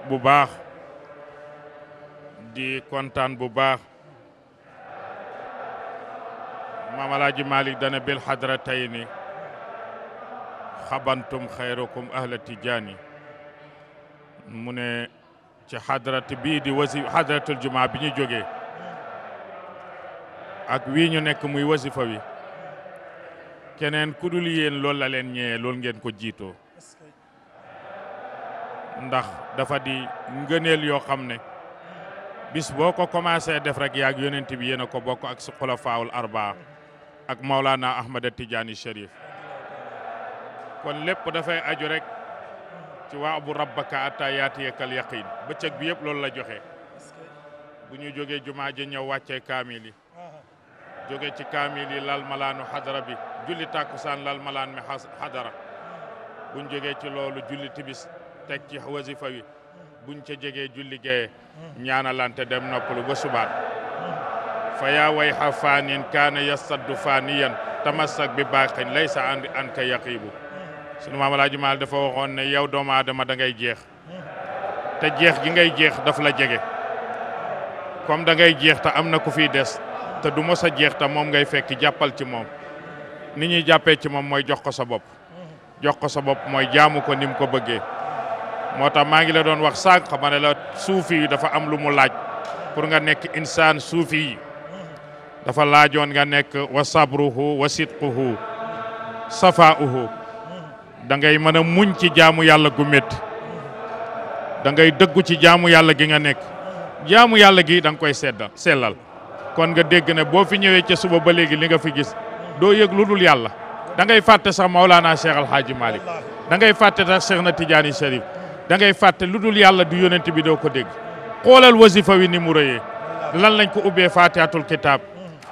bu baax di kontaan bu baax maam alaaji malik dana bil xadratayni xabantum xayrukum ahla tijaani mu ne ci xadrat bii di wasi xadratul jumaa bi ñu jógee ak wii ñu nekk muy wasifa wi keneen ku dul yéen loolu la leen ñëwee loolu ngeen ko jiitoo ndax dafa di ngëneel yoo xam ne bis boo ko commencé def rek yaag yonent bi yéen a ko bokk ak su xulafaawul arbaa ak Maulana Ahmada Tidiane Cherif kon lépp dafay aju rek ci waa abu rabbaka atta yaatiyekal yaqin bëccëg bi yëpp loolu la joxe bu ñu jógee jumaa ji ñëw wàccee kaamil yi ci kaamil yi lal malaanu xadara bi julli tàkkusaan lal malaan mi xadara buñ jógee ci loolu julli tibis teg ci wasifa wi buñ ca jegee julli gaye ñaanalante dem noppalu ba subaat fa yaa wayxa faanin kaana yasaddu faaniyan tamassak bi baaqin laysa an an ka yaqiibu sunu maam Alaaji Maal dafa waxoon ne yow doomu aadama dangay jeex te jeex gi ngay jeex daf la jege comme dangay jeex ta am na ku fiy des te du mos a jeex te moom ngay fekk jàppal ci moom ni ñuy jàppee ci moom mooy jox ko sa bopp jox ko sa bopp mooy jaamu ko ni ko bëggee moo ma ngi la doon wax sank xamane la soufi dafa am lu mu laaj pour nga Sufi, insaan soufi dafa laajoon nga nek wa sabruhu wa sidquhu safaa'uhu da ngay meuna muñ ci jaamu yalla gu met da ngay deggu ci jaamu yalla gi nga nek jaamu yalla gi dang koy sedda selal kon nga deg ne bo fi ñewé ci suba ba légui li nga fi gis do yegg lu dul da ngay fàtte sax Maulana Cheikh Al Hadji Malik, da ngay fàtte sax Cheikh na Tidiane da ngay fàtte lu dul yàlla du yonent bi doo ko dégg xoolal wasifa wi ni mu rëyee lan lañ ko ubbee fatihatul kitab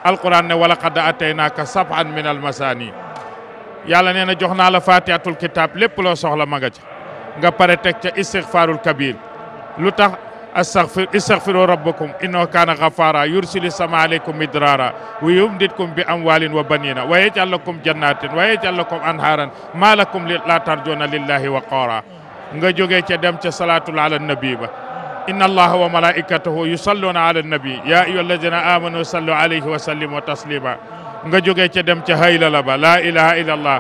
alquran ne wala qad ataynaaka sab'an min almasaani yàlla nee na la fatihatul kitab lépp loo soxla ma nga ca nga pare teg ca istighfarul kabir lu tax astaghfir istaghfiru rabbakum innahu kaana ghafaara yursilu sama aleykum midraara wa yumditkum bi amwaalin wa baniina wa yaj'al lakum jannatin wa yaj'al lakum anhaaran maa lakum laa tarjuuna lillahi waqaara nga jóge ci dem ci salatu ala nabi ba inna allaha wa malaikatahu yusalluna ala nabi ya ayyuha alladina amanu sallu alayhi wa sallimu taslima nga jóge ci dem ci hayla la ba la ilaha illa allah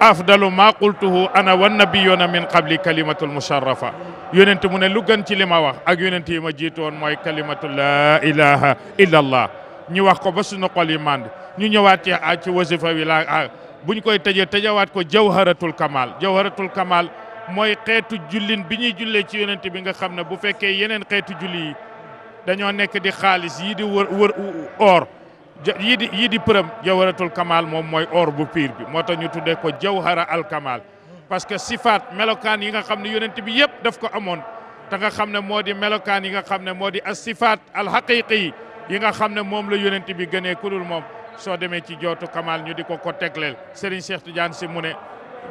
afdalu ma qultuhu ana wan nabiyuna min qabli kalimatul musharrafa yonent mu ne lu gën ci lima wax ak yonent yi ma jitu won moy kalimatul la ilaha illa allah ñu wax ko ba suñu xol yi mànd ñu ñëwaat ci ci wasifa wi la buñ koy tejje tëjawaat ko jawharatul kamal jawharatul kamal mooy xeetu jullin bi ñuy jullee ci yonent bi nga xam ne bu fekkee yeneen xeetu julli yi dañoo nekk di xaalis yii di wër wër or yii di yii di përëm jawharatul kamal moom mooy or bu piir bi moo tax ñu tuddee ko jawhara al kamal parce que sifaat melokaan yi nga xam ne yonent bi yëpp daf ko amoon ta nga xam ne moo di melokaan yi nga xam ne moo di as sifaat al haqiqi yi nga xam ne moom la yonent bi gënee ku moom soo demee ci jootu kamal ñu di ko ko tegleel Serigne Cheikh si mu ne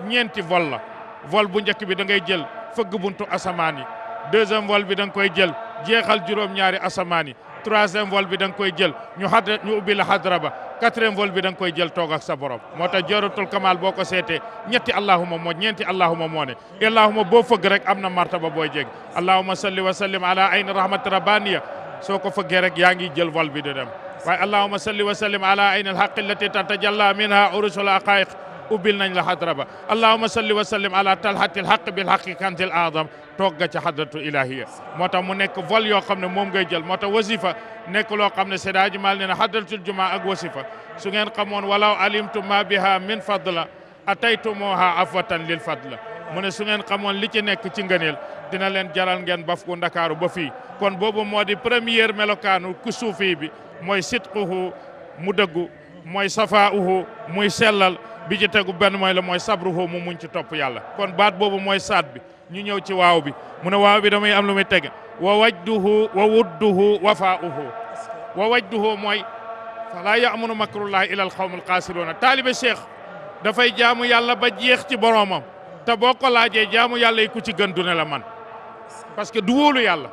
ñeenti vol la vol bu njëkk bi da ngay jël fëgg buntu asamaan yi deuxième vol bi da nga koy jël jeexal juróom-ñaari asamaan yi troisième vol bi da nga koy jël ñu xadra ñu ubbi la xadra ba quatrième vol bi da koy jël toog ak sa borom moo tax jawratul kamal boo ko seetee ñetti allahuma moo ñeenti allahuma moo ne allahuma boo fëgg rek am na martaba booy jeg allahuma salli wa sallim ala ayni rahmati rabbaniya soo ko fëggee rek yaa ngi jël vol bi di dem waaye allahuma salli wa sallim ala ubil nañ la xadra ba allahuma salli wa sallim ala talhatil haqq bil haqi kantil adam toog ci hadratu ilahiyya motam mu nek vol yo xamne mom ngay jël motam wasifa nek lo xamne sidaj mal ne na juma ak wasifa su ngeen xamone wala alimtu ma biha min fadla ataytumuha afwatan lil fadla mu ne su ngeen xamone li ci nek ci ngeenel dina len jaral ngeen baf ku ndakaaru ba fi kon bobu modi premier melokanu kusufi bi moy sitquhu mu dëggu mooy safauhu muy sellal bi ci tegu benn mooy la mooy sabruhu mu muñ ci topp yàlla kon baat boobu mooy saat bi ñu ñëw ci waaw bi mu ne waaw bi damay am lu muy teg wa wajduhu wa wudduhu wafaauhu wa wajduhu mooy falaa yamunu makrullahi ila al qawm al xaasiruuna taalibe cheikh dafay jaamu yàlla ba jeex ci boroomam te boo ko laajee jaamu yàlla yi ku ci gën ne la man parce que du wóolu yàlla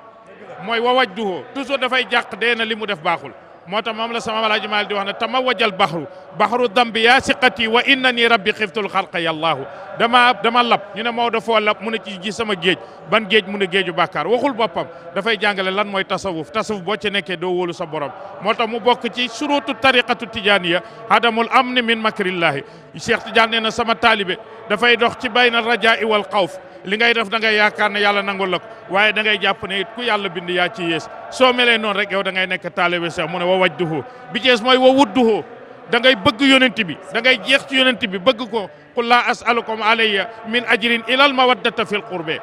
mooy wa wajduhu toujours dafay jàq dee na li mu def baaxul moo tax moom la sama walaaji maal di wax ne tama wajal baxru baxru dambi yaa siqati wa inna nii rabbi xiftul xalqa yallaahu dama dama lab ñu ne Maodo foo lab mu ne ci ji sama géej ban géej mu ne géeju bàkkaar waxul boppam dafay jàngale lan mooy tasawuf tasawuf boo ci nekkee doo wóolu sa borom moo tax mu bokk ci surutu tariqatu tijaaniya hadamul amni min makrillaahi Cheikh Tidiane nee na sama taalibe dafay dox ci bayna rajaa wal xawf li ngay def da ngay yaakaar na yàlla nangul ko waaye da ngay jàpp ne it ku yàlla bind yaa ci yées soo melee noon rek yow da ngay nekk taalibe Seex mu ne wa wajduhu bi jees wa wudduhu da ngay bëgg yonent bi da ngay jeex ci yonent bi bëgg ko qul laa as'alukum alayya min ajrin ilal mawaddata fil qurbe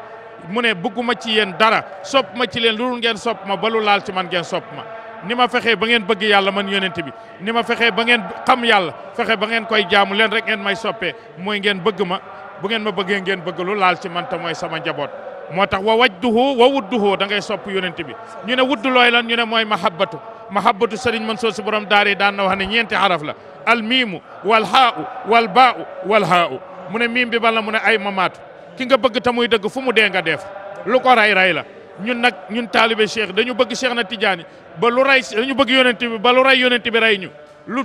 mu ne bëgguma ci yéen dara sopp ma ci leen lu dul ngeen sopp ma ba laal ci man ngeen sopp ma ni ma fexee ba ngeen bëgg yàlla man yonent bi ni ma fexee ba ngeen xam yàlla fexe ba ngeen koy jaamu leen rek ngeen may soppee ngeen bëgg ma bu ngeen ma bëggee ngeen bëgg lu laal ci man mooy sama njaboot moo tax wa wajduhu wa wudduhu da ngay sopp yonent bi ñu ne wudd looy lan ñu ne mooy ma mahabbatu mahabbatu sëriñ Mansour soo borom daara yi daan na wax ne ñeenti xaraf la al miimu wal haa'u wal baa'u wal haa'u mu ne miim bi bala mu ne ay mamaatu ki nga bëgg te muy dëgg fu mu dee nga def lu ko ray ray la ñun nag ñun taalibe cheikh dañu bëgg cheikh na tijaani ba lu ray dañu bëgg yonent bi ba lu ray yonent bi ray ñu lu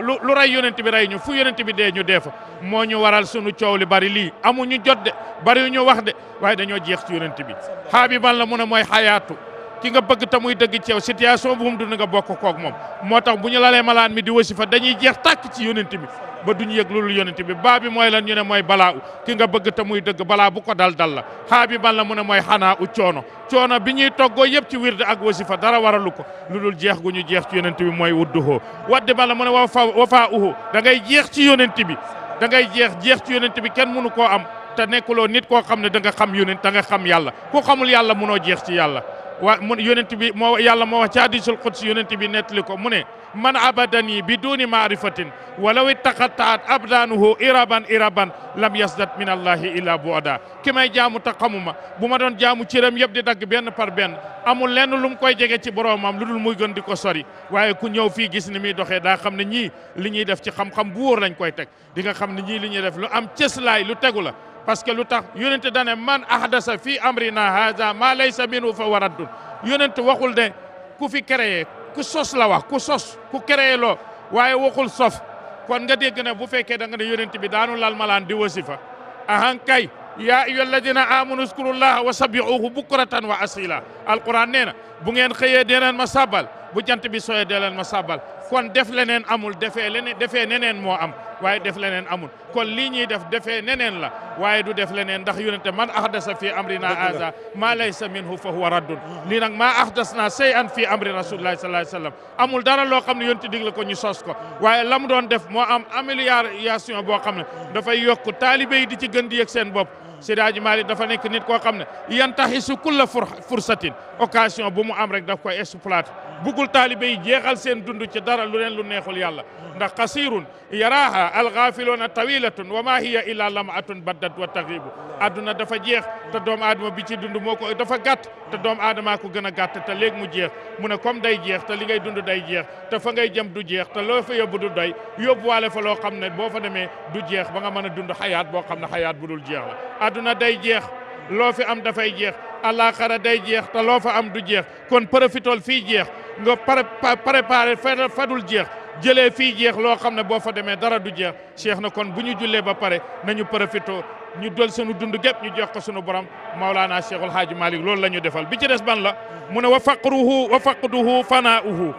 lu lu rey yonent bi rey ñu fu yonent bi dee ñu dee fa moo ñu waral sunu coow li bari lii amuñu jot de bari ñu wax de waaye dañoo jeex ci yonent bi xaabiban la mu ne mooy xayaatu ki nga bëgg tamuy dëgg ci yow situation bu mu dund nga bokk koog moom moo tax bu ñu lalee malaan mi di wasifa dañuy jeex tàkk ci yonent bi ba duñ yëg loolu yonent bi baa bi mooy lan ñu ne mooy balaa u ki nga bëgg tamuy dëgg bala bu ko dal dal la xaa bi ban la mu ne mooy xanaa u coono coono bi ñuy toggoo yëpp ci wirde ak wasifa dara waralu ko lu dul jeex gu ñu jeex ci yonent bi mooy wudduhoo waddi ban la mu ne wafa wafaa uhu da ngay jeex ci yonent bi da ngay jeex jeex ci yonent bi kenn mënu koo am te nekkuloo nit koo xam ne nga xam yonent da nga xam yàlla ku xamul yàlla mënoo jeex ci yàlla wa mu yonent bi moo yàlla moo wax ci hadisul quds yonent bi nettali ko mu ne man abadani bi duni maarifatin walaw ittaqattaat abdaanuhu iraban iraban lam yasdat min allahi illa buada ki may jaamu ta xamuma bu ma doon jaamu cëram yëpp di dagg benn par benn amu lenn lu mu koy jege ci boromam lu dul muy gën di ko sori waaye ku ñëw fii gis ni muy doxee daa xam ne ñii li ñuy def ci xam-xam bu wóor lañ koy teg di nga xam ne ñii li ñuy def lu am cëslaay lu tegu la parce que lu tax yonent dane man ahdasa fi amrina haza ma laysa minhu fa waraddun yonent waxul ne ku fi créé ku sos la wax ku sos ku créé loo waaye waxul sof kon nga dégg ne bu fekkee da nga ne yonent bi daanu lal di wasifa ahan kay yaa ayyuha alladina amanu zkurullaha wa sabihuhu bukratan wa asila alquran nee na bu ngeen xëyee dee neen ma sàbbal bu jant bi soye de len ma sàbbal kon def lenen amul defé leneen defé nenen mo am waye def lenen amul kon li ñi def defé nenen la waye du def lenen ndax yonente man ahdasa fi amrina aza ma laysa minhu fa huwa raddun li nak ma ahdasna shay'an fi amri rasulullah sallallahu alayhi wasallam amul dara lo xamni ne yonente ko ñu sos ko waye lam doon def mo am amélioration bo xam da fay yok talibé yi di ci gënd yi ak seen bop Sidaaji مالي دا nekk نيت كو خامني ينتحس كل فرصه اوكاسيون بومو ام mu دا كو daf bëggul taalibe yi jeexal seen dund ci dara lu leen lu neexul yàlla ndax qasirun yaraaha alxaafiloona tawilatun wa maa hiya illa lamaatun baddat wa taxibu adduna dafa jeex te doom aadama bi ci dund moo ko dafa gàtt te doom aadamaa ko gën a gàtt te léegi mu jeex mu ne comme day jeex te li ngay dund day jeex te fa ngay jëm du jeex te loo fa yóbbu du doy yóbbuwaale fa loo xam ne boo fa demee du jeex ba nga mën a dund xayaat boo xam ne xayaat bu dul jeex la adduna day jeex loo fi am dafay jeex àllaaxara day jeex te fa am du jeex kon profitool fii jeex nga pare préparé fadul jeex jële fii jeex loo xam ne boo fa demee dara du jeex cheikh na kon bu ñu jullee ba pare nañu profito ñu dol sunu dund gépp ñu jeex ko sunu borom maolaana cheikhul haaji malik loolu la ñu defal bi ci des ban la mu ne wa faqruhu wa faqduhu fanauhu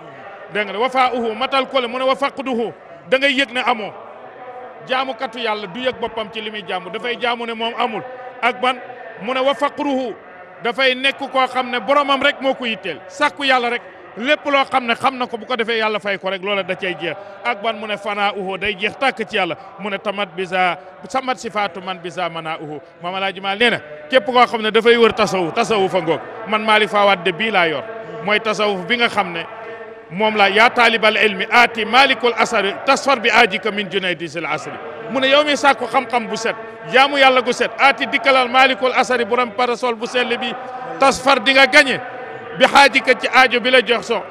dégg nga wafaauhu matal kole mu ne wa faqduhu da ngay yëg ne amoo jaamukatu yàlla du yëg boppam ci li muy jaamu dafay jaamu ne moom amul ak ban mu ne wa faqruhu dafay nekk ko xam ne boromam rek moo ko yitteel sàkku yàlla rek lépp loo xam ne xam na ko bu ko defee yàlla fay ko rek loola da cay jeex ak ban mu ne fanaa uhu day jeex tàkk ci yàlla mu ne tamat bisa samat sifaatu man bisa manaa uhu ma alaaji maal nee na képp koo xam ne dafay wër tasawu tasawu fa ngoog man maali faawaat de bii laa yor mooy tasawuf bi nga xam ne moom la yaa taalibal ilmi aati malikul asari tasfar bi aajika min junaydi sil asri mu ne yow mi sàkku xam-xam bu set jaamu yàlla gu set aati dikkalal malikul asari borom parasol bu bi nga gañe bi xaajika ci aajo bi la jox so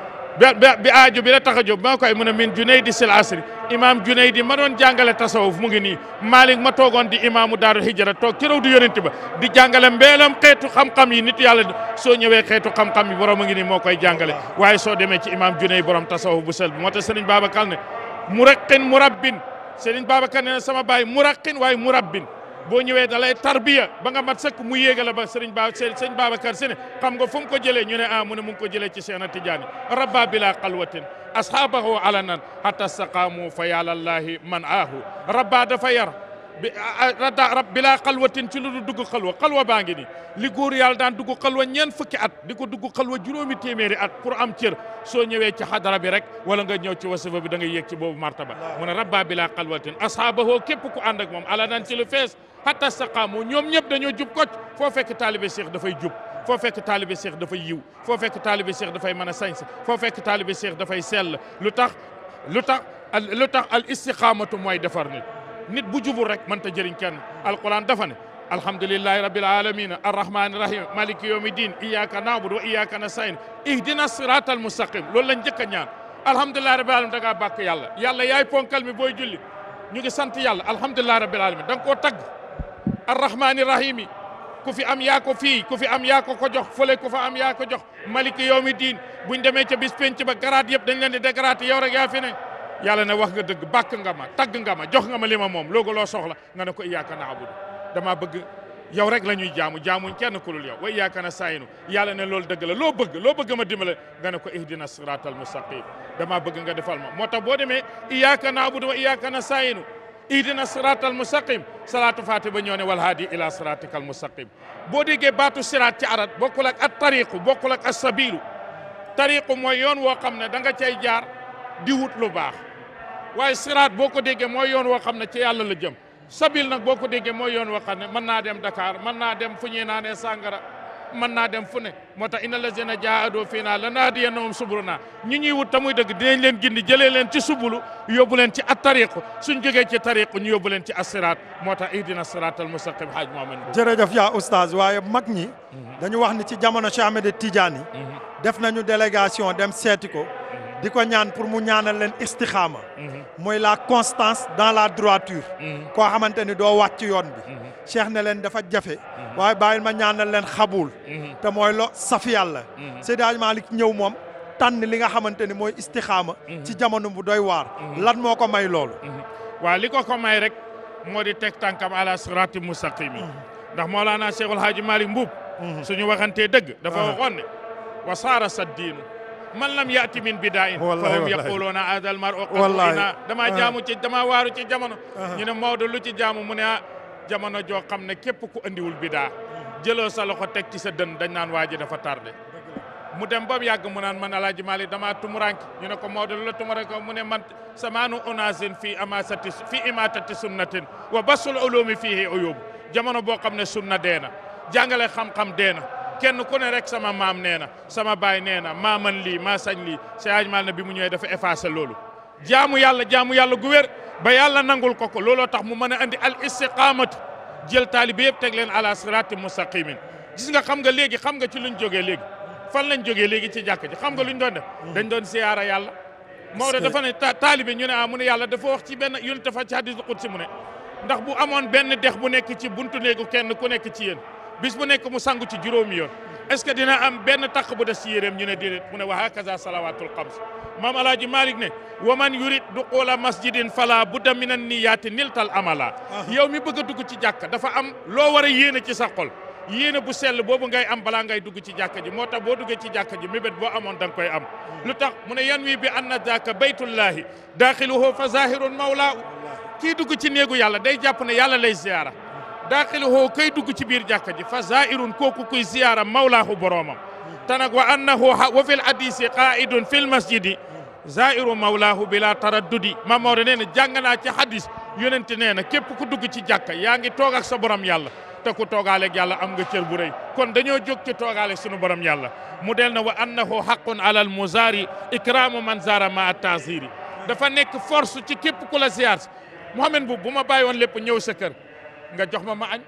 bi aajo bi la ma a jóg maa koy mën a min Junaydi sil asri imaam Junaydi ma doon jàngale tasawuf mu ngi nii Malik ma toogoon di imaamu daaru hijra toog ci raw du yonent ba di jàngale mbeelam xeetu xam-xam yi nit yàlla soo ñëwee xeetu xam-xam yi borom a nii moo koy jàngale waaye soo demee ci imaam Junaydi borom tasawuf bu sel bi moo tax Serigne Babacar ne muraqin murabbin Serigne Babacar ne sama baay muraqin waaye murabbin boo ñëwee da lay tarbiya ba nga mat sëkk mu yéegala ba sëriñ ba sëriñ Babacar Si ne xam nga fu mu ko jëlee ñu ne ah mu ne mu ngi ko jëlee ci Seexna Tijaani rabba bila xalwatin asxaabahu alanan hatta staqaamu fa yàllallahi man aahu rabba dafa yara bi bilaa xalwatin ci lu du dugg xalwa xalwa baa ngi ni li góor yàlla daan dugg xalwa ñeen fukki at di ko dugg xalwa juróomi téeméeri at pour am cer soo ñëwee ci xadara bi rek wala nga ñëw ci wasifa bi da nga yéeg ci boobu martaba mu ne rabba bilaa xalwatin asxaabahoo képp ku ànd ak moom ala nan ci lu fees hatta saqaamu ñoom ñëpp dañoo jub koc foo fekk taalibe Cheikh dafay jub foo fekk taalibe Cheikh dafay yiw foo fekk taalibe Cheikh dafay mën a sañse foo fekk taalibe Cheikh dafay sell lu tax lu tax lu tax al istiqaamatu mooy defar nit bu jubul rek man ta jëriñ kenn alquran dafa ne alhamdulillahi rabbil alamin arrahman arrahim maliki yawmiddin iyyaka na'budu wa iyyaka nasta'in ihdinas siratal mustaqim lol lañ jëk ñaan alhamdulillahi rabbil alamin daga bak yàlla yàlla yaay ponkal mi boy julli ñu ngi sant yàlla alhamdulillahi rabbil alamin dang ko tag arrahman arrahim ku fi am ya ko fi ku fi am ya ko ko jox fële ku fa am ya ko jox maliki yawmiddin buñ démé ci bis penc ba garat yëpp dañ leen di dégrat yow rek ya fi ne yàlla ne wax nga dëgg bàkk nga ma tagg nga ma jox nga ma li ma moom loogu loo soxla nga ne ko iyyaka na'budu dama bëgg yow rek la ñuy jaamu jaamuñ kenn ku dul yow wa iyyaka nasta'inu yàlla ne loolu dëgg la loo bëgg loo bëgg ma dimbale nga ne ko ihdina siratal mustaqim dama bëgg nga defal ma moo tax boo demee na na'budu wa iyyaka nasta'inu ihdina siratal mustaqim salaatu faati ba ñoo ne wal haadi ila siratikal mustaqim boo déggee baatu siraat ci arat bokkul ak at tariqu bokkul ak as sabilu tariqu mooy yoon woo xam ne da nga cay jaar di wut lu baax waaye siraat boo ko déggee mooy yoon woo xam ne ci yàlla la jëm sabil nag boo ko déggee mooy yoon woo xam ne mën naa dem dakaar mën naa dem fu ñuy naanee sàngara mën naa dem fu ne moo tax inna lazina jaahadoo la naa lanahdiyannahum subulana ñi ñuy wut tamuy dëgg dinañ leen gindi jëlee leen ci subulu yóbbu leen ci at tariqu suñ jógee ci tariqu ñu yóbbu leen ci assiraat moo tax ihdina siraatal mustaqim haaj Mohamed jërëjëf yaa oustaz waaye mag ñi mhm. dañu wax ni ci jamono Cheikh Ahmed Tidiane mhm. def nañu délégation dem seeti ko di ñaan pour mu ñaanal leen istixaama mooy la constance dans la droiture koo xamante ni doo wàcc yoon bi cheikh ne leen dafa jafe waaye bàyyil ma ñaanal leen xabuul te mooy lo saf yàlla Seydi Hadji Malick ñëw moom tànn li nga xamante ni mooy istixaama ci jamono bu doy waar lan moo ko may loolu waaw liko ko ko may rek moo di teg tànkam ala sirati mustaqim yi ndax Mawlana Cheikhul Hadji Malick Mbuub suñu waxantee dëgg dafa uh-huh. waxoon ne wa saara sa diinu man lam yaati min bidaa'in fa hum yaquluuna haadal mar'u qad damaa ah. jaamu ci damaa waaru ci jamono ah. ñu ne Maodo lu ci jaamu mu ne ah, jamono joo xam ne képp ku andiwul bidaa jëloo sa loxo teg ci sa dën dañ naan waa ji dafa tardé mu dem ba mu yàgg mu naan man alaaji maali damaa tumuranke ñu ne ko Maodo lu la tumuranke mu ne man samaanu unaasin fii amaasati fii imaatati sunnatin wa basul ulumi fiihi uyub jamono boo xam ne sunna dee na jàngale xam-xam dee na kenn ku ne rek sama maam nee na sama baay nee na maa man lii maa sañ lii Seydou Maal na bi mu ñëwee dafa effacé loolu. jaamu yàlla jaamu yàlla gu wér ba yàlla nangul ko ko looloo tax mu mën a andi al istiqaamatu jël taalibe yëpp teg leen ala siraati mustaqimin gis nga xam nga léegi xam nga ci luñ jógee léegi fan lañ jógee léegi ci jàkk ji xam nga luñ doon def. dañ doon siyaara yàlla. Maodo dafa ne taalibe ñu ne ah mu ne yàlla dafa wax ci benn yonent dafa ci hadiisul qudsi mu ne ndax bu amoon benn dex bu nekk ci buntu néegu kenn ku nekk ci yéen bis bu nekk mu sangu ci juróom yoon est que dina am benn taq bu des ci yéreem ñu ne déedéet mu ne wa hakaza salawatul xams maam alaaji malik ne wa man yurid duqula masjidin fala budda min an niyaati niltal amala ah. yow mi bëgg a dugg ci jàkka dafa am loo war a yéene ci sa xol yéene bu sell boobu ngay am balaa ngay dugg ci jàkka ji moo tax boo duggee ci jàkka ji mébét boo amoon da koy am hmm. lu tax mu ne yan wi bi anna daaka baytullaahi daaxiluhu fa zahirun mawlaa kii dugg ci néegu yàlla day jàpp ne yàlla lay ziyaara daaxiluhu kay dugg ci biir jàkka ji fa zaa'irun kooku kuy ziyaara mawlaahu boroomam te nag wa annahu wa fil hadisi qaa'idun fil masjidi zaa'iru mawlaahu bila taraddudi Maam Maodo nee na jàng naa ci hadis yonente nee na képp ku dugg ci jàkka yaa ngi toog ak sa borom yàlla te ku toogaaleeg yàlla am nga cër bu rëy kon dañoo jóg ci toogaale sunu borom yàlla mu del na wa annahu haqqun alal muzaari ikraamu man zaara maa taasiri dafa nekk force ci képp ku la ziyaar Mouhamed bu bu ma bàyyi woon lépp ñëw sa kër nga jox ma ma añ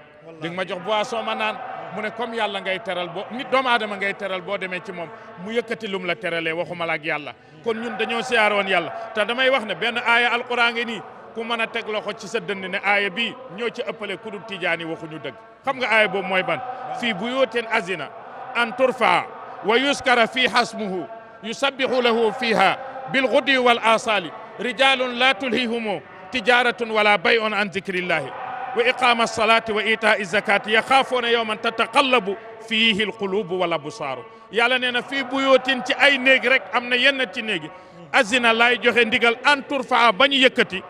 ma jox boisson ma nan mu ne comme yàlla ngay teral bo nit doom aadama ngay teral bo demé ci mom mu yëkëti lum la teralé waxuma la ak yàlla kon ñun dañoo siyaar woon yàlla ta damay wax ne ben aya alquran ngi ku mëna tek loxo ci sa dënd ne aya bi ñoo ci ëppale ku dul waxu ñu dëgg xam nga aya bo moy ban fii buyuutin azina an turfa wa yuskara fi hasmuhu yusabbihu lahu fiha bilghudi wal asali rijalun la tulhihumu tijaratun wala bay'un an zikrillahi وإقام الصلاة وإيتاء الزكاة يخافون يوما تتقلب فيه القلوب ولا بصار يالنا يعني في بيوت انت اي نيغ رك امنا ين تي نيغ ازنا لاي جوخ نديغال ان تورفا باني يكتي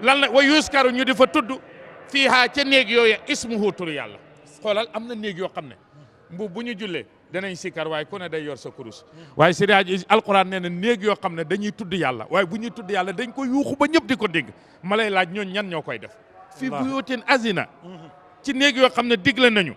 لان ويوسكار ني ديفا تود فيها تي نيغ يوي اسمه تور يالا خولال امنا نيغ يو خامني مبو بني جولي دا ناي سيكار واي كون دا يور سا كروس واي سيراج القران نينا نيغ يو خامني دا ني تود يالا واي بني تود يالا دنج يوخو با نييب ديكو ديغ مالاي لاج نيون نيان نيوكاي ديف fi buyutin azina ci néeg yoo xam ne digle nañu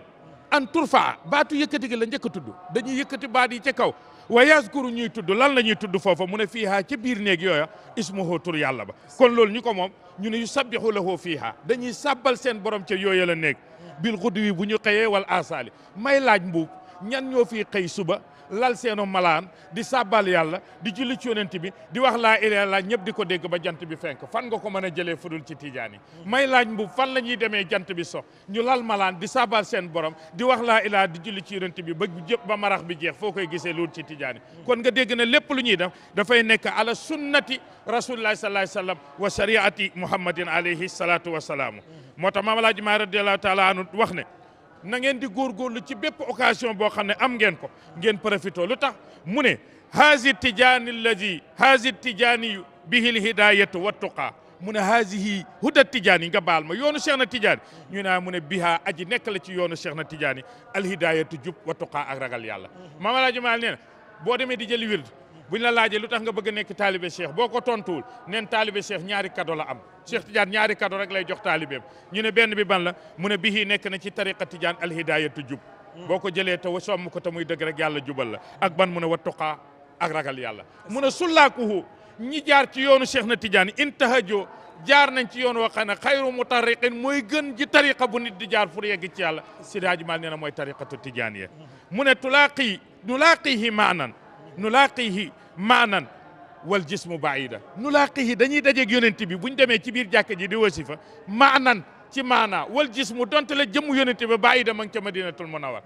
an turfa baatu yëkkati gi la njëkk da tudd dañuy yëkkati yi ca kaw wa yazkuru ñuy tudd lan la ñuy tudd foofa mu ne fiiha ca biir néeg yooya ismuhu tur yàlla ba kon loolu ñu ko moom ñu ne yu sabbihu lahu da dañuy sabbal seen borom ca yooya la néeg bil xudwi bu ñu xëyee wal asaali may laaj mbuub ñan ñoo fii xëy suba lal seenu malaan di saabal yàlla di julli ci yonent bi di wax laa ilaaha illallaah ñëpp di ko dégg ba jant bi fenk fan nga ko mën a jëlee fudul ci tiijaan yi may laaj mbu fan la ñuy demee jant bi so ñu lal malaan di saabal seen borom di wax laa ilaaha di julli ci yonent bi ba jëpp ba marax bi jeex foo koy gisee loolu ci tiijaan yi kon nga dégg na lépp lu ñuy dem dafay nekk ala sunnati rasulillahi sallallaahu alayhi wa sallam wa shariati muhammadin alayhi salaatu wa salaamu moo tax maam Alaaji Maalik radiyallaahu wax ne na ngeen di góorgóorlu ci bépp occasion boo xam ne am ngeen ko ngeen profité lu tax mu ne haasi tijaani allazi haasi tijaani bihil hidayatu wa tuqaa mu ne haasihi huda tijaani nga baal ma yoonu Cheikh na Tijaani ñu naa ah, mu ne bihaa aji nekk ci yoonu Cheikh na Tijaani alhidayatu jub wa tuqaa ak ragal yàlla mm-hmm. mamalaaji maal nee na boo demee di jëli wird buñ la laajee lu tax nga bëgg a taalibe cheikh boo ko tontuwul neen taalibe cheikh ñaari kado la am cheikh tidiane ñaari kado rek lay jox taalibeem ñu ne benn bi ban la mu ne bihi nekk jub hmm. boo ko jëlee te somm ko ta muy dëgg rek yàlla jubal la ak ban mu ne wa tuqaa ak ragal yàlla mu ne sullaakuhu ñi jaar ci yoonu cheikh na tidiane intahajo jaar nañ ci yoon waxee ne xayru mutariqin mooy gën ji tariqa bu nit di jaar pour yegg ci yàlla sidaaji mal nee mooy tariqatu tidiane ya hmm. mu ne tulaaqi nulaaqi hi maanan laa nulaaqihi maanan wal jismu baida nulaaqihi dañuy dajeeg yonent bi bu ñu demee ci biir jàkk ji di wasifa maanan ci maanaa wal jismu donte la jëmm yonent bi baida ma ngi ca madinatul munawar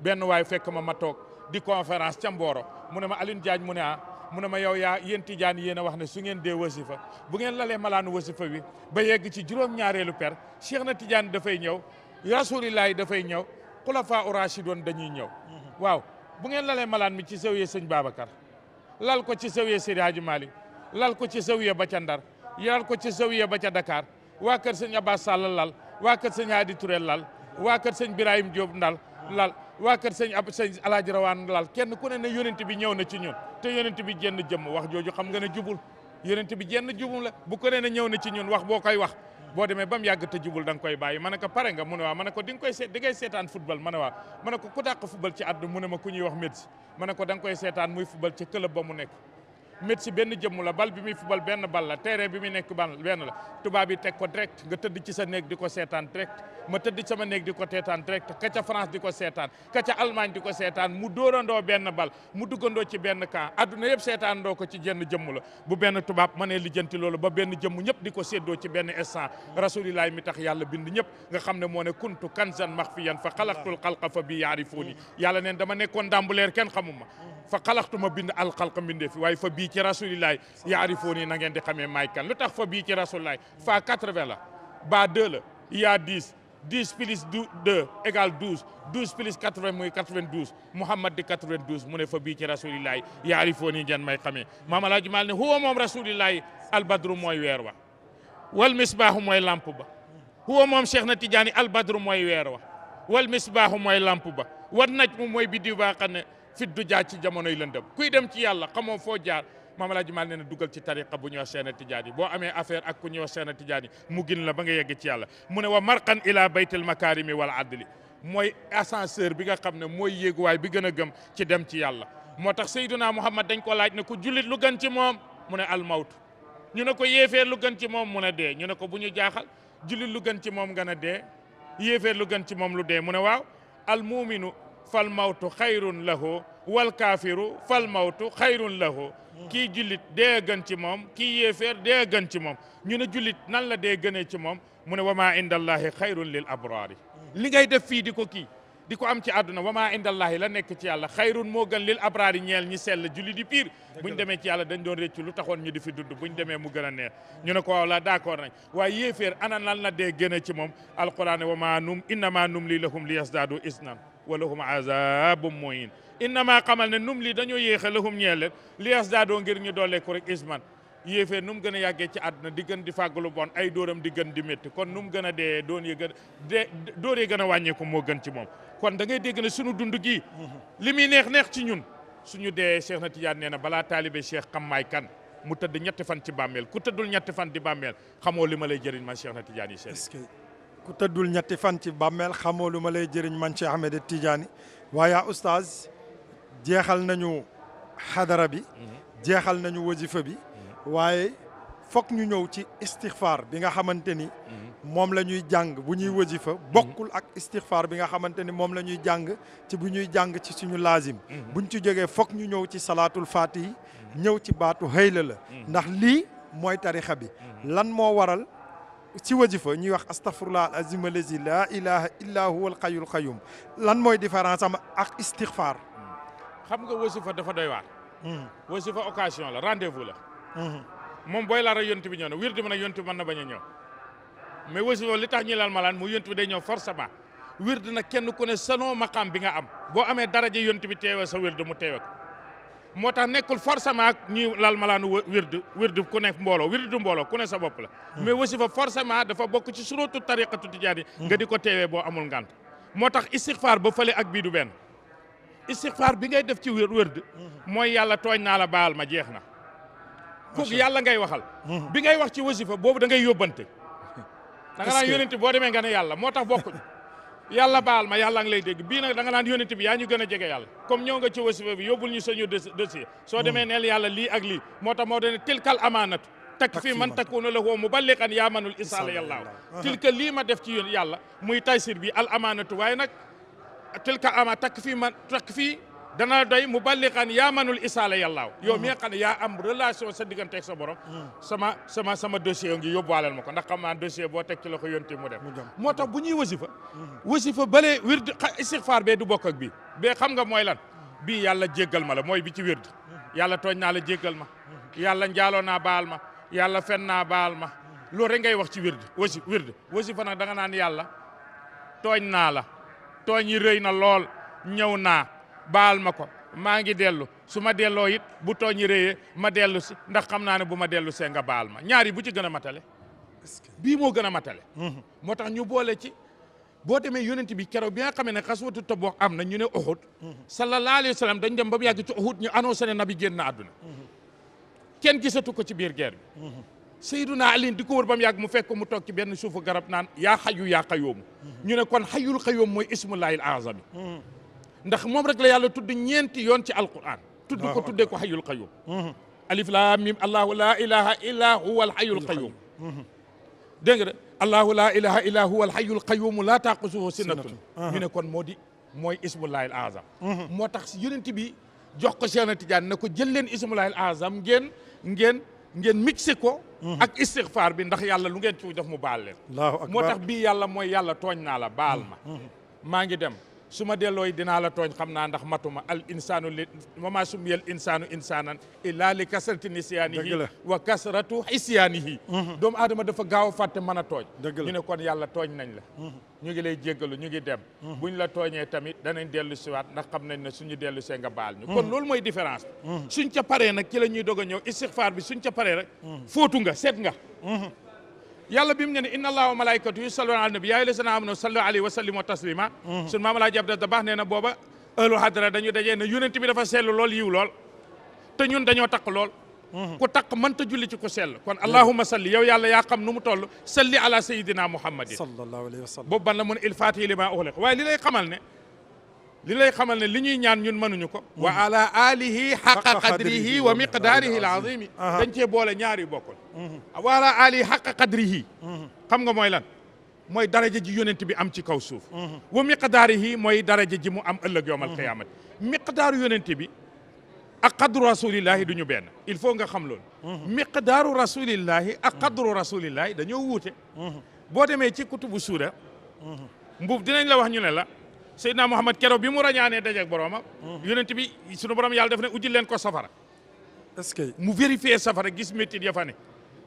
benn waay fekk ma ma toog di conférence ca Mboro mu ne ma Alioune Diagne mu ne ah mu ne ma yow yaa yéen tijaan yéen wax ne su ngeen dee wasifa bu ngeen lalee malaanu wasifa wi ba yegg ci juróom-ñaareelu per Cheikh na tijaan dafay ñëw rasulillahi dafay ñëw xulafa u dañuy ñëw mm-hmm. bu ngeen lalee malaan mi ci sëwiye sëñ Babacar lal ko ci sëwiye Seydi Hadji Malick lal ko ci sëwiye ba ca Ndar lal ko ci sëwiye ba ca Dakar waa kër sëñ Abbas Sall lal waa kër sëñ Hadi Touré lal waa kër sëñ Birahim joobu ndal lal waa kër sëñ ab sëñ Alaaji Rawaan lal kenn ku ne ne yonent bi ñëw na ci ñun te yonent bi jenn jëmm wax jooju xam nga ne jubul yonent bi jenn jubum la bu ko ne ne ñëw na ci ñun wax boo koy wax boo demee ba mu yàgg te jubul da koy bàyyi ma ne ko pare nga mu ne waaw ma ne ko di koy ngay seetaan football ma ne waaw ma ne ko ku dàq football ci àdduna mu ne ma ku ñuy wax Messi ma ne ko da koy seetaan muy football ci club ba mu nekk mét si benn jëmm la bal bi muy fubal benn bal la terrain bi muy nekk ban benn la tubaab yi teg ko direct nga tëdd ci sa néeg di ko seetaan direct ma tëdd ci sama néeg di ko teetaan direct ka ca France di ko seetaan ka ca Allemagne di ko seetaan mu doorandoo benn bal mu duggandoo ci benn camp adduna yëpp seetaandoo ko ci jenn jëmm la bu benn tubaab mënee lijjanti loolu ba benn jëmm ñëpp di ko séddoo ci benn instant rasulillahi mi tax yàlla bind ñëpp nga xam ne moo ne kuntu kanzan maxfiyan fa xalaqtul xalqa fa bi yaarifuuni yàlla neen dama nekkoon ndàmbuleer kenn xamuma fa xalaqtu ma bind alxalqa mbindee fi waaye fa ci rasulillahi yaarifoo nii na ngeen di xamee maay kan lu tax fa bii ci rasulillahi fa 80 la ba 2 la yaa 10 10 plus 2 égale 12 12 plus 80 muy 92 Muhammad di 92 mu ne fa bii ci rasulillahi yaarifoo nii ngeen may xamee maam alaaji maal ne huwa moom rasulillahi albadru mooy weer wa wal misbaahu mooy lamp ba huwa Cheikh na Tidiane albadru mooy weer wa wal misbaahu mooy lamp ba wan naj mu mooy biddiw baa xam ne fit du jaar ci jamonoy lëndëm kuy dem ci yàlla xamoo foo jaar maam Alaaji Maal nee dugal ci tariqa bu ñuy wax Cheikh boo amee affaire ak ku ñuy wax Cheikh na Tidiane mu gin la ba nga yegg ci yàlla mu ne wa marqan ila baytil makarimi wal adli mooy ascenseur bi nga xam ne mooy yéeguwaay bi gën a gëm ci dem ci yàlla moo tax Seydina Muhammad dañ ko laaj ne ku jullit lu gën ci moom mu ne almawtu ñu ne ko yéefeer lu gan ci moom mu ne dee ñu ne ko bu ñu jaaxal jullit lu gan ci moom nga ne dee yéefeer lu gan ci moom lu dee mu ne waaw almuminu fal mawtu xayrun lahu wal kaafiru fal mawtu xayrun lahu kii jullit dee gën ci moom kii yéeféer dee gën ci moom ñu ne jullit nan la dee gënee ci moom mu ne wa maa indallahi xayrun lil abraari li ngay def fii di ko kii di ko am ci àdduna wa maa indallahi la nekk ci yàlla xayrun moo gën lil abraari ñeel ñi sell jullit yi piir buñ demee ci yàlla dañ doon réccu lu taxoon ñu di fi dund buñ demee mu gën a neex ñu ne ko waaw la d'accord nañ waaye yéeféer ana lan la dee gënee ci moom alquran wa maa num innama num li lahum li yasdaadu isnan wa lahum azabum muhin innama xamal ne num lii dañoo yéex a lahum ñeel leen li yasdaadoo ngir ñu dooleeku rek isman man nu mu gën a yàggee ci àdduna di gën di fàgg lu ay dóoram di gën di métti kon nu mu gën a dee doon yi gën dee dóor gën a wàññeeku moo gën ci moom kon dangay ngay dégg ne sunu dund gi li muy neex neex ci ñun suñu dee Cheikh na Tidiane nee na balaa taalibe Cheikh xam maay kan mu tëdd ñetti fan ci bàmmeel ku dul ñetti fan di bàmmeel xamoo li ma lay jëriñ man Cheikh na Tidiane yi seen ku tëddul ñetti fan ci bàmmeel xamoo lu ma lay jëriñ man Cheikh Ahmed Tidiane waaye oustaz jeexal nañu xadara bi jeexal nañu wazifa bi waaye fokk ñu ñëw ci istixfaar bi nga xamante ni moom la ñuy jàng bu ñuy wazifa bokkul ak istixfaar bi nga xamante ni moom la ñuy jàng ci bu ñuy jàng ci suñu laazim buñ ci jógee fokk ñu ñëw ci salaatul faatihi ñëw ci baatu hayla la ndax lii mooy tarixa bi lan moo waral ci wajifa ñuy wax astafurlah al azim allazi la ilaha illa huwa al qayyul qayyum lan mooy différence am ak istixfaar xam nga wasifa dafa doy hmm wasifa occasion la rendez-vous la hmm. boy la ra yontu bi ñono na wirdi mën a yontu mën na bañ a mais wasifa li tax ñi laal malaan mu yontu bi day ñëw forcément wird nag kenn ku ne sano maqam bi nga am bo amé daraja yontu bi téwé sa wird mu téwé ko moo tax forcément ñi laal lal malaanu wird ku ne mbolo wird du ku ne sa bop la hmm. mais wasifa forcément dafa bok ci suratu tariqatu tijaani hmm. nga diko téwé bo amul ngant motax istighfar ba fële ak bi du benn istixfaar bi ngay def ci wér wérd mooy yàlla tooñ naa la baal ma jeex na kooku yàlla ngay waxal mhm. bi ngay wax ci wasifa boobu da ngay yóbbante da nga naan yónente boo demee nga ne yàlla moo tax bokkuñ yàlla baal ma yàlla ngi lay dégg bii nag da nga naan yónente bi yaa ñu gën a jege yàlla comme ñëw nga ci wasifa bi yóbbul ñu sañu dossier soo mhm. demee neel yàlla lii ak lii moo tax moo doon tilkal amaanatu tak fi man takuna lahu muballiqan yaa manul isaala yàllaaw tilka lii ma def ci yàlla muy taysir bi al amaanatu waaye nag tilka ama takk fii man takk fii dana doy mu balliqan yaa manul isaala yàllaaw yow mi nga xam ne yaa am relation sa digganteeg sa borom sama sama sama dossier ngi yóbbuwaaleel ma ko ndax xam naa dossier boo teg ci la ko yonti mu dem moo tax bu ñuy wasifa wasifa balee wird istixfaar bee du bokk ak bii bee xam nga mooy lan bii yàlla jéggal ma la mooy bi ci wird yàlla tooñ naa la jéggal ma yàlla njaaloo naa baal ma yàlla fen naa baal ma loolu rek ngay wax ci wird wasi wird nag da nga naan yàlla tooñ naa la tooñ yi rëy na lool ñëw naa baal ma ko maa ngi dellu su ma delloo it bu tooñ yi rëyee ma dellu si ndax xam naa ne bu ma dellu see nga baal ma ñaari bu ci gën a matale bii moo gën a matale mhm. moo tax ñu boole ci boo demee yonent bi keroog bi nga xamee ne xaswatu Tabuk am na ñu ne Uhud mhm. sallallahu alayhi wa sallam dañ dem ba mu yàgg ci Uhud ñu annoncé ne nabi génn na àdduna mhm. kenn gisatu ko ci biir guerre bi سيدنا علي ديكو ربام ياك مو فيكو مو توك بن شوفو غراب نان يا حيو يا قيوم ني نكون حي القيوم مو اسم الله العظيم ندخ موم رك لا يالا تود نينتي يون تي القران تود كو تود كو حي القيوم الف لام ميم الله لا اله الا هو الحي القيوم دنگ الله لا اله الا هو الحي القيوم لا تاخذه سنه ني نكون مودي موي اسم الله العظيم موتاخ يونتي بي جوخ كو سيناتي جان نكو جيل اسم الله العظيم ген ген ngeen mixé ko. Mhm. ak istighfar bi ndax yàlla lu ngeen ci def mu baal leen. moo tax bii yàlla mooy yàlla tooñ naa la baal ma. Mhm. maa ngi dem. su ma dellooy dinaa la tooñ xam naa ndax matuma al insaanu li mama sumiyal insaanu insaanan illaa li kasrati nisyaanihi wa kasratu xisyaanihi mhm. doomu adama dafa gaaw a fàtte mën a tooñ ñu ne kon yàlla tooñ nañ la mhm. ñu ngi lay jéggalu ñu ngi dem mhm. ñu la tooñee tamit danañ dellu siwaat ndax xam nañ ne suñu dellu see nga baal ñu kon loolu mooy différence bi suñ ca paree nag ci la ñuy dog a ñëw istixfaar bi suñ ca paree rek fóotu nga seet nga yàlla bi mu ne ne inna allaha wa malaikatu yusalluna ala nabi yaa ayyuha allazina amanu sallu alayhi wa sallimu taslima mm-hmm. sun maam laa jab da baax nee na booba ëllu hadara dañu dajee ne yonent bi dafa sellu lool yiw lool te ñun dañoo takk lool mm-hmm. ku takk mënta julli ci ku sell kon allahuma salli yow yàlla yaa xam nu mu toll salli ala sayidina muhammadin sallallahu alayhi wa sallam boobu ban la mun il fatihi li ma uxliq waaye li lay xamal ne li lay xamal ne li ñuy ñaan ñun mënuñu ko wa ala alihi xaqa qadrihi wa miqdaarihi alazimi dañ cee boole ñaar yu bokkul wa ala alihi xaqa qadrihi xam nga mooy lan mooy daraja ji yonent bi am ci kaw suuf wa miqdaarihi mooy daraja ji mu am ëllëg yowm alqiyamat miqdaaru yonent bi ak qadru rasulillahi du ñu benn il faut nga xam loolu miqdaaru rasulillahi ak qadru rasulillahi dañoo wuute boo demee ci kutubu suura mbuub dinañ la wax ñu ne la Seydina Muhammad keroog bi mu rañaanee dajeeg boromam. Mm-hmm. yonent bi sunu borom yàlla def ne ujjil leen ko safara. est que mu vérifier safara gis métit ya fa ne.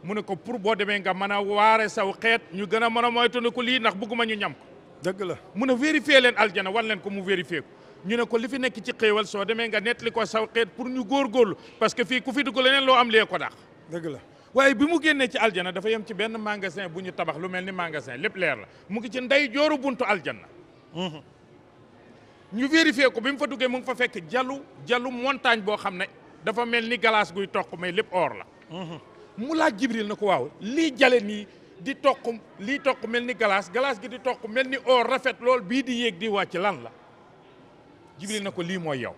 mu ne ko pour boo demee nga mën a waare saw xeet ñu gën a mën a ko lii ndax bëgguma ñu ñam ko. dëgg la mu ne vérifier leen aljana wan leen ko mu vérifier ñu ne ko li fi nekk ci xéewal soo demee nga nettali ko saw xeet pour ñu góorgóorlu parce que fii ku fi dugg leneen loo am lee ko daax. dëgg la waaye bi mu génnee ci aljana dafa yem ci benn magasin bu ñu tabax lu mel ni magasin lépp leer la mu ngi ci ndey jooru buntu aljana mm-hmm. ñu vérifié ko bi mu fa duggee mu ngi fa fekk jalu jalu montagne boo xam ne dafa mel ni galaas guy toq mais lépp or la. Mhm. mu laaj Jibril na ko waaw lii jale nii di toq lii toq mel ni galaas galaas gi di toq mel ni or rafet lool bii di yéeg di wàcc lan la. Jibril na ko lii mooy yow.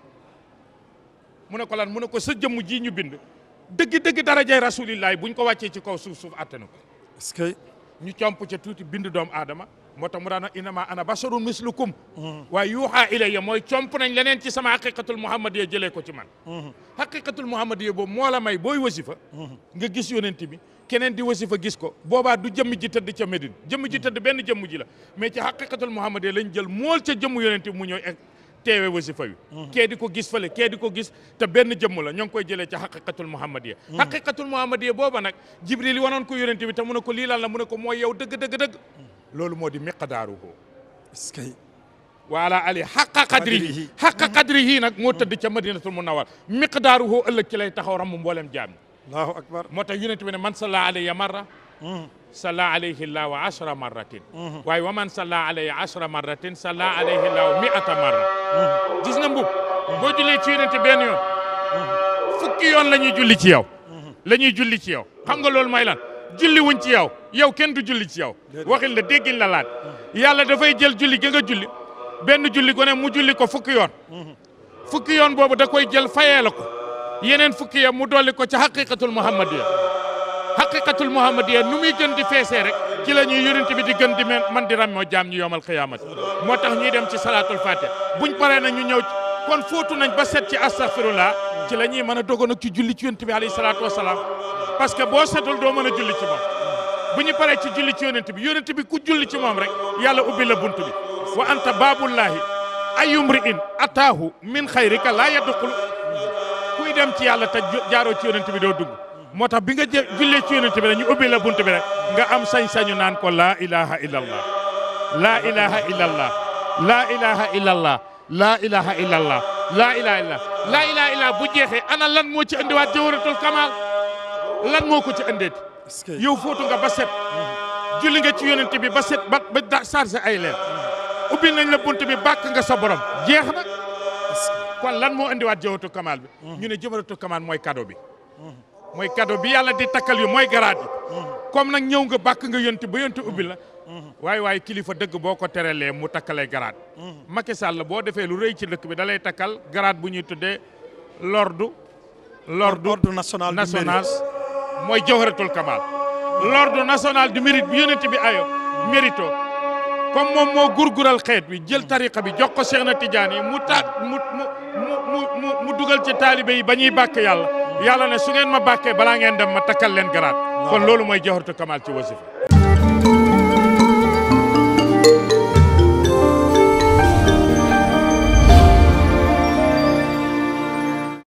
mu ne ko lan mu ne ko sa jëmm jii ñu bind dëgg dëgg darajay bu buñ ko wàccee ci kaw suuf suuf àtte na ko. est que ñu comp ca tuuti bind doomu aadama. moo tax mu daana inama ana basharun mislukum mm-hmm. waaye yuuxaa ilayya mooy comp nañ ci sama haqiqatul muhammadiya jëlee ko ci man mm-hmm. haqiqatul muhammadiya boobu moo la may booy wasifa mm-hmm. nga gis yonent bi keneen di wasifa gis ko boobaa du jëmm ji tëdd ca Médine jëmm ji tëdd benn jëmm ji la mais ci haqiqatul muhammadiya lañ jël mool ca jëmm yonent mu ñëw e-, teewe wasifa wi kee ko gis fale kee di ko gis te benn jëmm la ñoo ngi koy haqiqatul muhammadiya haqiqatul ko yonent bi te mu ko lii la mu ne mooy yow dëgg لول مودي مقداره اسكي وعلى علي حق قدره حق قدره نك مو تدي تي مدينه المنور مقداره الله كي لاي تخاو رام مبولم جام الله اكبر موتا يونت من من صلى عليه مره صلى عليه الله عشر مرات واي ومن صلى عليه عشر مرات صلى عليه الله 100 مره جسنا مبو بو جولي تي يونت بن يون فكي يون لا نيو جولي تي ياو لا نيو جولي تي ياو خمغا لول ماي لان julli wuñ ci yow yow kenn du julli ci yow waxin la déggin la laat yàlla dafay jël julli gi nga julli benn julli gu ne mu julli ko fukki yoon fukki yoon boobu da koy jël fayee la ko yeneen fukki yoon mu dolli ko ci xaqiqatul muhammadiya xaqiqatul muhammadiya nu muy gën di feesee rek ci la ñuy yonent bi di gën di man di rammoo jaam ñu yoomal xiyaamati moo tax ñuy dem ci salaatul fatiha buñ paree na ñu ñëw kon fóotu nañ ba set ci astaghfirullah ci la ñuy mën a dogoon ak ci julli ci yonent bi alayhi salaatu wasalaam parce que bo setul do meuna julli ci mom buñu paré ci julli ci yonent bi yonent bi ku julli ci mom rek yàlla ubbi la buntu bi wa anta babullah ayumri atahu min khayrika la yadkhul kuy dem ci yàlla ta jaro ci yonent bi do dug motax bi nga jullee ci yonent bi ñu ubbi la buntu bi rek nga am sañ-sañu nan ko la ilaha illallah la ilaha illallah la ilaha illallah laa ilaha illallah laa ilaha illallah laa ilaha illallah bu jeexee ana lan moo ci andiwaat jawharatul kamal lan moo ko ci andeeti yow fóotu nga ba set julli nga ci yonent bi ba set ba ba chargé ay leer ubbil nañ la bunt bi bàkk nga sa borom jeex na kon lan moo andiwaat jawharatul kamaal bi hmm. ñu ne jawharatul kamaal mooy kado bi mooy cadeau bi yàlla di takkal yu mooy garaat yi hmm. comme nag ñëw nga bàkk nga yonti ba yonti ubbi la waaye hmm. waaye kilifa dëgg boo ko terelee mu takkalee garaat Macky Sall boo defee lu rëy ci lëkk bi da takkal garaat bu ñuy tuddee l'ordre l'ordre national national mooy jawharatul kamal l'ordre national du mérite bi yonent bi ayo mérito comme moom moo gurgural xeet bi jël tariqa bi jox ko Cheikh na Tidiane yi mu taat mu mu mu mu mu dugal ci taalibe yi ba ñuy bàkk yàlla yàlla ne su ngeen ma bàkkee balaa ngeen dem ma takkal leen garaat kon loolu mooy jawharatul kamal ci wasifa